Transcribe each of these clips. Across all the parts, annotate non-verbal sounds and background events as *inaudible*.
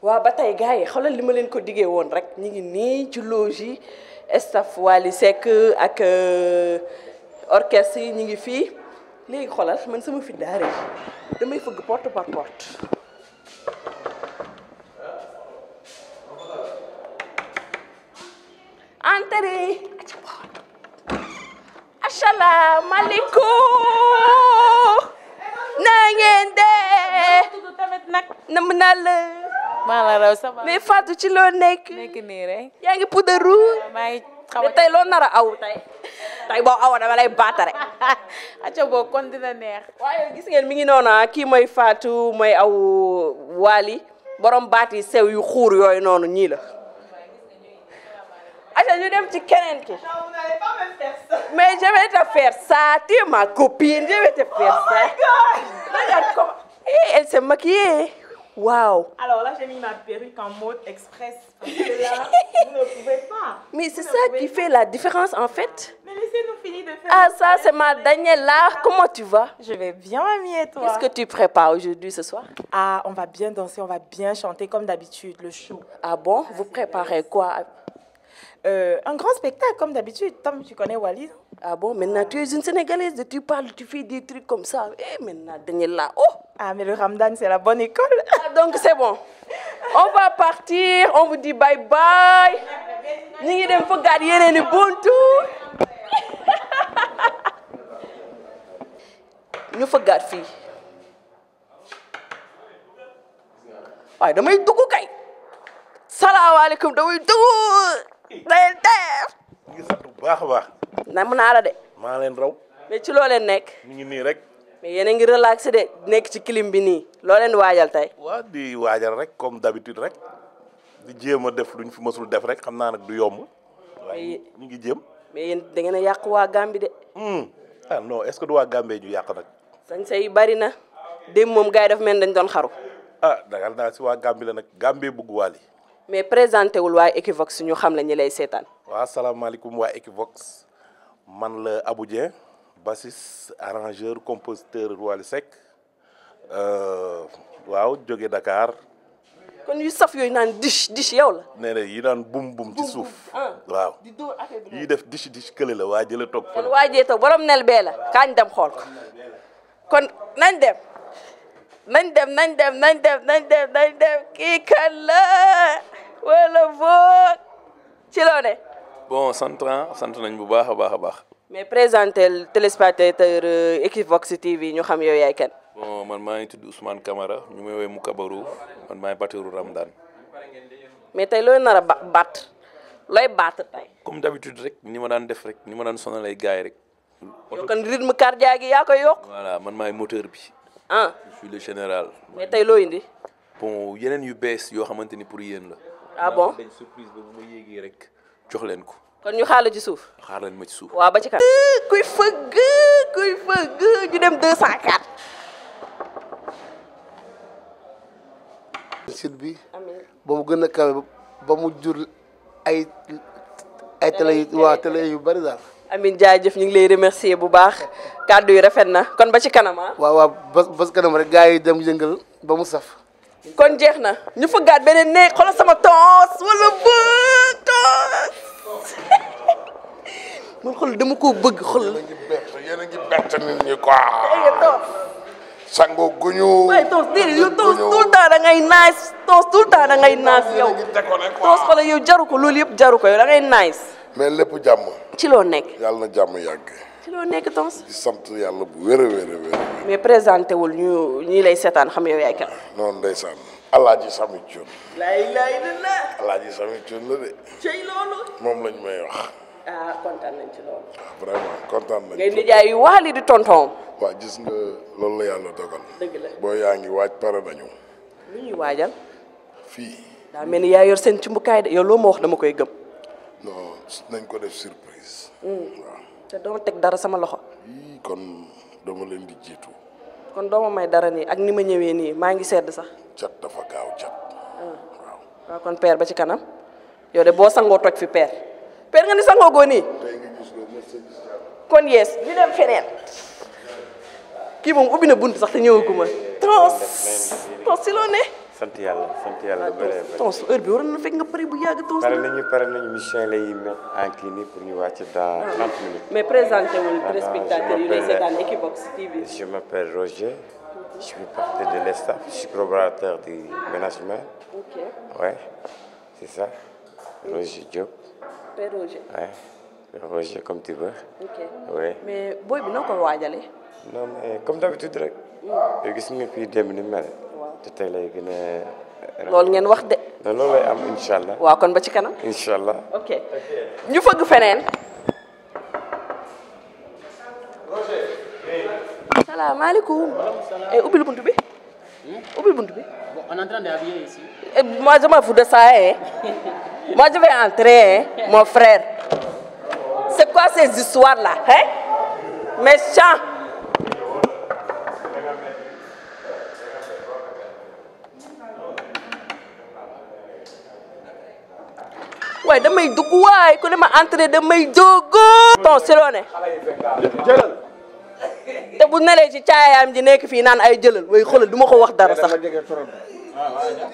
waaw ba tey gars yi xoolal li ma leen ko diggee woon rek ñu ngi nii ci loge yi staff Wally ak euh, orchestre yi ñu ngi fii léegi xoolal man sama fi daare damay fëgg porte par porte entrez asalaamaaleykum na ngeen dee maa la raw sama mais Fatou ci loo nekk. yaa ngi puudaru. a tey loo nar a aw tey. tey boo awoon lay baatare. acca boo kon dina neex. waaye gis ngeen mi ngi noonu kii mooy Fatou mooy aw Waly borom baat yi sew yu xuur yooyu noonu ñii la. acca ñu dem ci keneen ki. mais je vais te faire ça tu es ma copine je vais te faire ça. oh my God. regarde comment elle s'est Waouh Alors là, *laughs* Mais c'est ça qui fait la différence en fait. Mais laissez-nous finir de faire. Ah, ça, c'est ma Daniela. Comment tu vas Je vais bien, mamie, et ce que tu prépares aujourd'hui, ce soir Ah, on va bien danser, on va bien chanter comme d'habitude, le show. Ah bon ah, Vous préparez quoi euh, grand spectacle, comme d'habitude. Tom, tu connais Walid Ah bon, maintenant tu es une Sénégalaise, tu parles, tu fais des comme ça. Et eh, maintenant, Daniela, oh Ah, mais le Ramdan, c'est la bonne école *laughs* donc c'est bon on va partir on vous dit bye bye ñu ngi dem fëggaat yeneeni buntu ñu fëggaat fii waaye damay dugg kay salaamaaleykum damay dugg dayel teer ngi sant bu baax a baax na mën naa la de maa leen raw mais ci loo nekk ñu ngi rek mais yéen a ngi relaxé de nekk ci clim bi nii loo leen waajal tey. waa di waajal rek comme d'habitude rek di jéem a def luñ fi mësul def rek xam naa nag du yomb. waaye ñu ngi jéem. mais yéen da ngeen yàq waa Gambie de. Hmm. ah est-ce que du waa Gambie ñu yàq nag. sañse yi bari na démb moom gars yi dafa mel dañ doon xaru. ah dagal naa si waa Gambie la nag Gambie bëgg waali mais présenté wul waa Equivox ñu xam la ñi lay seetaan. waaw salaamaaleykum waa Equivox man la Abou Dieng bassiste arrangeur compositeur Wally Seck euh, waaw jóge dakaar kon yu saf yooyu naan dish dish yow la. nee na yi naan bum bum ci suuf. Ah, waaw di dóor def dish dish kële la waa jële toog. kon waa jee toog borom nel la kaañ dem xool ko kon nañ dem. nañ dem nañ dem nañ dem nañ kii kan wala boog ci loo bon sant sant nañ bu baax a baax a baax. mais présentel téléspectateur Equivox euh, TV ñu xam yow yaay kenn. man maa ngi tudd Ousmane Camara ñu may woowee mu kabaru man maay Batiru Ramdan. mais tey looy nar a ba baat looy baat tey. comme d'habitude rek ni ma daan def rek ni ma daan sonalee gars yi rek. yow kon rythme cardiaque yi yaa koy yokk. man maay moteur bi. ah je général. mais tey loo indi. bon yeneen yu bees yoo xamante ni pour yéen la. ah bon dañ surprise ba rek jox leen ko. kon ñu xaaral ci suuf. xaaral ma ci suuf. waaw ba ci kan. kuy fëgg kuy fëgg ñu dem 204. site bi. amiin ba mu gën a kawe mu jur ay ay yu waa télé yu bari daal. Amin jaajëf ñu lay remercier bu baax kàddu yi rafet na kon ba ci kanam ah. waaw waaw ba ci kanam rek gars yi dem yëngal ba mu saf. kon jeex na ñu fëggaat beneen ne xoolal sama toos wala ba toos. man xool dama koo bëgg xool. yéen a ngi bett yéen a ngi bett nit ñi quoi. sango guñu. waaye toos déedéet yow toos tout le temps da toos tout le temps da ngay toos xoolal yow jaru ko loolu yëpp jaru ko yow da ngay nice. mais lépp jàmm. ci loo nekk. yàlla na jàmm yàgg. ci loo nekk toos. di sant yàlla bu wér a wér a wul ñu ñi lay seetaan xam yow yaay kan. non ndeysaan. alaaji sami cuun. laay laay la. alaaji sami cuun la de. cey loolu. moom lañ may wax. ah kontaan nañ ci loolu. Ah, vraiment ngay nijaay yu waali di tonton. waaw gis nga loolu yàlla dogal. boo yaa ngi waaj pare nañu. lu ñuy waajal. fii. daa mel ni yaa yor seen cumbukaay de yow loo ma wax dama koy gëm. non nañ ko def surprise. Hmm. te doo teg dara sama loxo. kon dama leen di jiitu. kon doo ma may dara nii ak ni ma ñëwee nii maa ngi sedd sax. cat dafa gaaw cat. Hmm. waaw kon père ba ci kanam yow de boo sangoo toj fi père. per nga ni sangoo goo nii kon yees di dem feneen kii moom ubbi na bunt sax te ñëwaguma tons tons si loo ne sant yàlla sant yàlla bu bëree bëri tons heure bi waroon na fekk nga pare bu yàgg tons pare nañu pare nañu mission lay mettre en clinique pour ñu wàcc dans 30 minutes mais présenté wul ah, téléspectateurs yu lay seetaan Equivox TV je m'appelle Roger je suis partie de l'ESTAF je suis collaborateur du management ok ouais c'est ça Roger Diop s'appelle comme tu veux. mais booy bi noo ko waajalee. non mais comme d'habitude rek. Mm. gis nga fii démb ni mel. te tey lay gën a. loolu ngeen wax de. loolu lay am incha allah. kon ba ci kanam. incha allah. ok ñu fëgg feneen. Roger. salaamaaleykum. Eh, ubbil buntu bi. Hmm? ubbil buntu bi. bon on est en train *laughs* Moi, je vais entrer, hein, mon frère. C'est quoi ces histoires-là hein? Méchant. waaye damay dugg waay ku ne ma entré damay jógo ton si loo ne jëlal te bu nelee ci caayaam ji nekk fii naan ay jëlal way xoolal du ma ko wax dara sax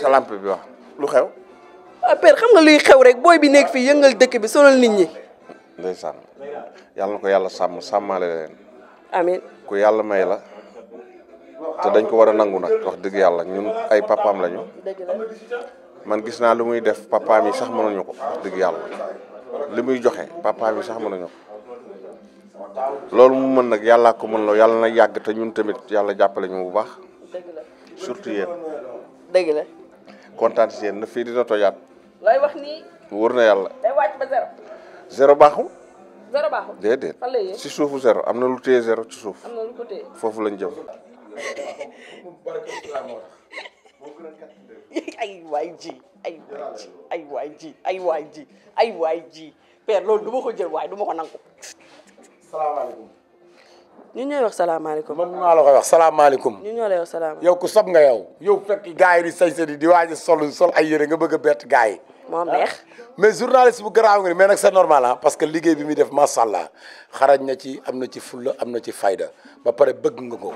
sa lampe waaw père xam nga luy xew rek booy bi nekk fii yëngal dëkk bi sonal nit ñi. ndeysaan yàlla na ko yàlla sàmm sàmmale leen. amiin ku yàlla may la. te dañ ko war a nangu nag wax dëgg yàlla ñun ay papaam lañu. man gis naa lu muy def papaam yi sax mënuñu ko wax dëgg yàlla li muy joxe papaam yi sax mënuñu ko loolu mu mën nag yàlla ko mën la yàlla na yàgg te ñun tamit yàlla jàppale ñu bu baax surtout yéen. dëgg kontaan si yéen na fii dina tojaat. looy wax nii. wóor na yàlla. day wàcc ba zéro. si suufu zéro am na lu téye zéro ci suuf. foofu lañ jëm. *laughs* ay waay ji ay waay ji ay waay ji ay waay ji ay waay ji père loolu du ma ko jël waaye ko nangu. salaamaaleykum. ñu ñooy wax salaamaaleykum. man maa la koy wax salaamaaleykum. ñu ñoo lay wax salaamaaleykum. yow ku sob nga yow. yow fekk gars yi di sañ di di waaj a sol sol ay yére nga bëgg a bett yi. moo ah. neex mais journaliste bu garaaw nga ni mais nag c'est normal ah parce que liggéey bi muy def macha allah xarañ na ci am na ci fulla am na ci fayda ba pare bëgg nga ko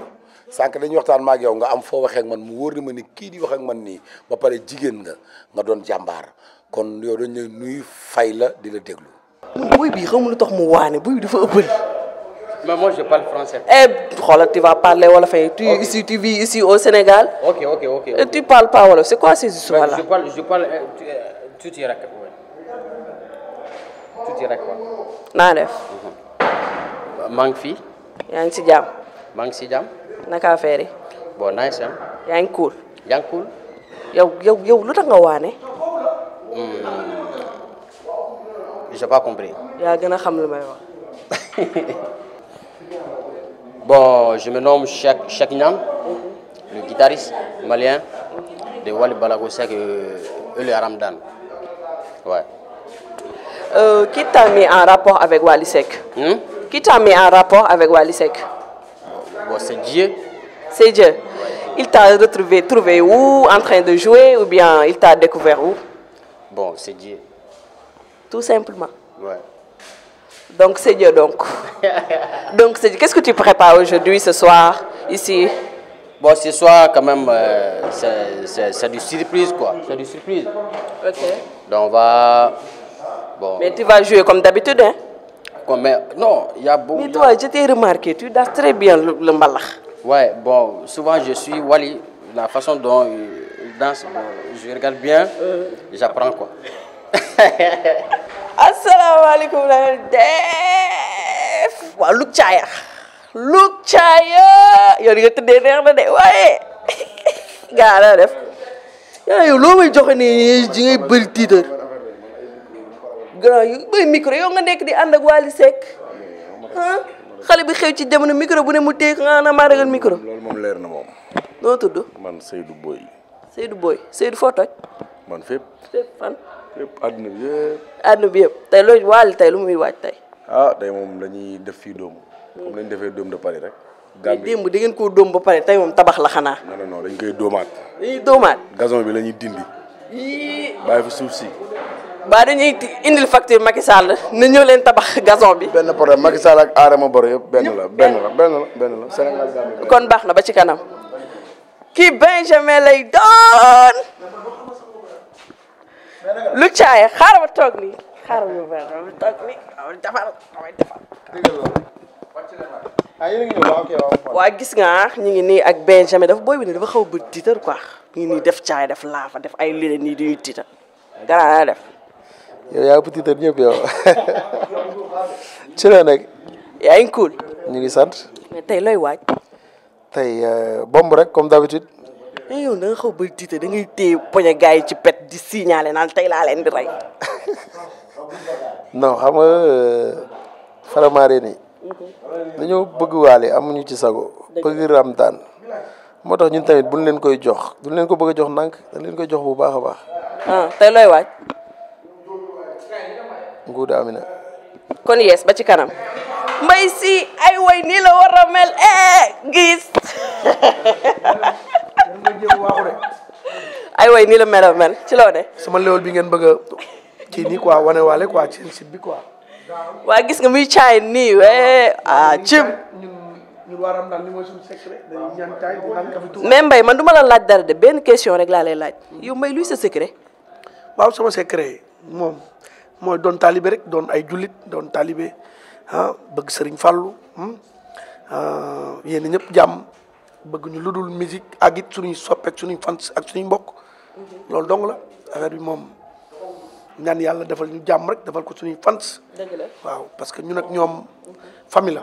sànq dañuy waxtaan ma ak yow nga am foo waxee man mu wóor ni ma ni kii di wax ak man nii ba pare jigéen nga nga doon jàmbaar kon yow dañ lay nuy fay la di la déglu. buy bii xamul lu tax mu waane buy bi dafa a mais moi je parle français. eh xoolal tu vas parler wolof yi. tu ici tu vis ici au Sénégal. ok ok ok. tu c'est quoi ces histoires là. tuuti rek naa def. maa fi. yaa ngi si jàmm. maa ngi si jàmm. naka affaire yi. bon nice hein. Eh? yaa ngi cool. yaa lu tax waane. Eh? Hmm. j'ai pas compris. yaa gën a xam lu may wax. *laughs* bon je me nomme Cheikh Cheikh Niang. le guitariste malien de Wally Ballago Seck et euh, Ouli Ramdan. Ouais. Euh, qui t'a mis en rapport avec Walisek hum? Qui t'a mis en rapport avec Walisek bon, C'est Dieu. C'est Dieu. Il t'a trouvé où En train de jouer ou bien il t'a découvert où Bon, c'est Dieu. Tout simplement. Donc c'est Dieu donc. *laughs* donc c'est Qu'est-ce que tu prépares aujourd'hui, ce soir, ici Bon, ce soir, quand même, euh, c'est du surprise, quoi. C'est du surprise. Donc on va... Bon. Mais tu vas jouer comme d'habitude, hein Non, y a beaucoup... je t'ai remarqué, tu danses très bien le, le souvent je suis Wally, la façon dont il danse, je regarde bien, euh. j'apprends quoi. *laughs* asalaamaaleykum la ngeen def waaw Luc Thiaye Luc Thiaye yow de waaye *laughs* gaa def yaa yow loo may joxe nii ji ngay bëri tiitar grand yu bay micro yow nga nekk di ànd ak Wally Seck ah xale bi xew ci jamono micro bu ne mu téye nga na maa ragal micro. loolu moom leer na moom. noo tudd. man Seydou Boy. Seydou Boy Seydou foo toj. man fépp. fépp fan. fépp àdduna bi yëpp. àdduna bi yëpp tey loolu Wally tey lu muy waaj tey. ah tey moom la ñuy def fii doom comme la defee doom de Paris rek. gàmb bi démb dangeen koo dóom ba pare tey moom tabax la xanaa. non non dañ koy dóomaat. dañuy dóomaat. gazon bi la ñuy dindi. bàyyi fa suuf si. ba dañuy indil facture Macky Sall na ñëw leen tabax gazon bi. benn problème Macky Sall ak Adama Barrow yëpp benn la benn la benn la benn la Sénégal kon baax ba ci kanam. kii Benjamin lay doon. ma toog nii xaaral Ah, waaw gis nga ñu ngi nii ak Benjamin dafa booy bi ne dafa xaw ba tiitar quoi ñu ngi nii def caay def laafa def ay lile nii di tiita ganaa naa def yow yaa ëpp ngi *laughs* ñu ngi sant tey looy waaj tey euh, bomb rek comme d'habitude mais eh, yow da nga xaw ba tiitar da ngay téye poñe gars yi ci pet di signaler naan tey laa leen rey *laughs* non xam nga euh, faramaare dañoo bëgg waale amuñu ci sago bëgg ramdaan moo tax ñun tamit buñ leen koy jox duñ leen ko bëgg a jox ndànk dañ leen koy jox bu baax a baax ah, te looy waaj nguuda amina kon yees ba ci kanam mbay si ay way nii la war a mel eh, eh gis *laughs* ay way nii la mel mel ci loo sama léwal bi ngeen bëgg ci kii nii quoi wane waale quoi ci site bi quoi waa gis nga muy caay nii wee ah, ah cim. mais mbay man du ma la laaj dara de benn question rek laa lay laaj. Hmm. yow Mbaye luy sa secret. waaw sama secret moom mooy doon taalibe rek doon ay jullit doon taalibe ah, bëgg Sëriñ Fàllu hmm, ah, yéen ñëpp jàmm bëgg ñu ludul musique ak it suñuy soppeek suñuy fans ak suñuy mbokk hmm. loolu dong la affaire bi moom. ñaan yàlla defal ñu jàmm rek defal ko suñuy fans. dëgg la waaw parce que ñu ak ñoom famille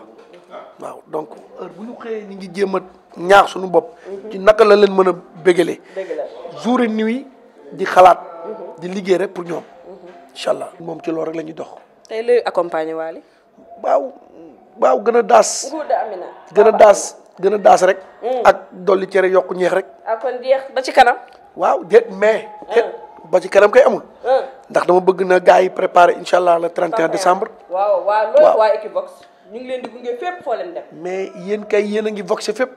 waaw donc heure bu ñu xëyee ñu ngi jéem a ñaax suñu bopp. ci naka la leen mën a bégalee. dëgg la jour et nuit di xalaat. di liggéey rek pour ñoom. incha allah moom ci loolu rek la ñuy dox. tey lay accompagner Wally. waaw waaw gën a daas. gën a daas gën a daas rek. Mm. ak dolli cere yokk ñeex rek. ah kon ba ci kanam. waaw déet mais. Mm. ba ci kanam kay amul. Mm. ndax dama bëgg na gars yi préparé incha allah le 31 décembre. waaw waaw loolu waa Equivox. ñu ngi leen di gunge fépp mais yéen kay yéen a ngi voxé fépp.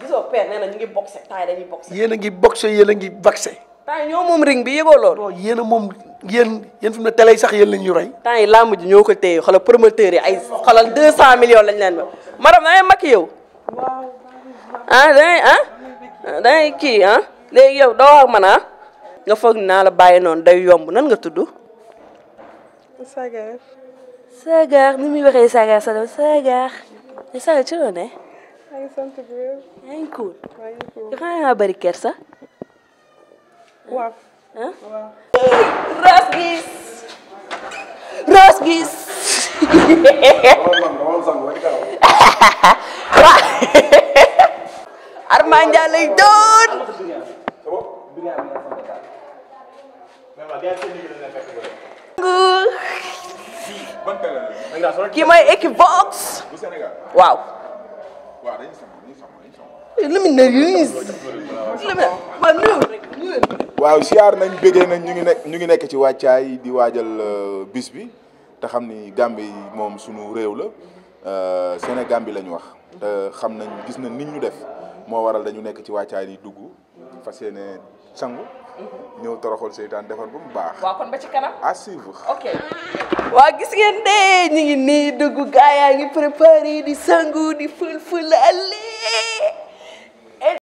gisoo na ñu ngi boxé temps yi yéen a ngi boxé yéen a ngi vaxé. temps yi ñoo moom ring bi yëgoo loolu. non yéen a moom yéen yéen fi mu ne sax yéen lañ ñu rey. temps yi làmb ji ñoo ko téye xoolal promoteur yi ay xoolal 200 millions lañ leen ba maram da ngay mag yow. Ah, ah da ngay kii ah yow doo wax man ah? nga foog naa la bàyyi noonu day yomb nan nga tudd. Sagar. Sagar ni muy waxee Sagar Sagar. Sagar ci loolu ne. maa ngi sant bu nga bëri kersa. waaw. Rose gis. Rose gis. *laughs* Armand lay doon. kii mooy Equivox. waaw. waaw siyaar nañ bëggee nañ ñu ngi nekk ñu ngi nekk ci wàccaay di waajal euh, bis bi te xam ni yi moom sunu réew la euh, Sénégambie la lañu wax xam nañ gis na nit ñu def moo waral dañu nekk ci wàccaay di dugg fas yéene sangu ñëw toroxal seytaan defar bu mu baax. waaw kon ba ci kanam. à suivre. waa gis ngeen de ñu ngi nii dugg gaa yaa ngi préparé di sangu di ful ful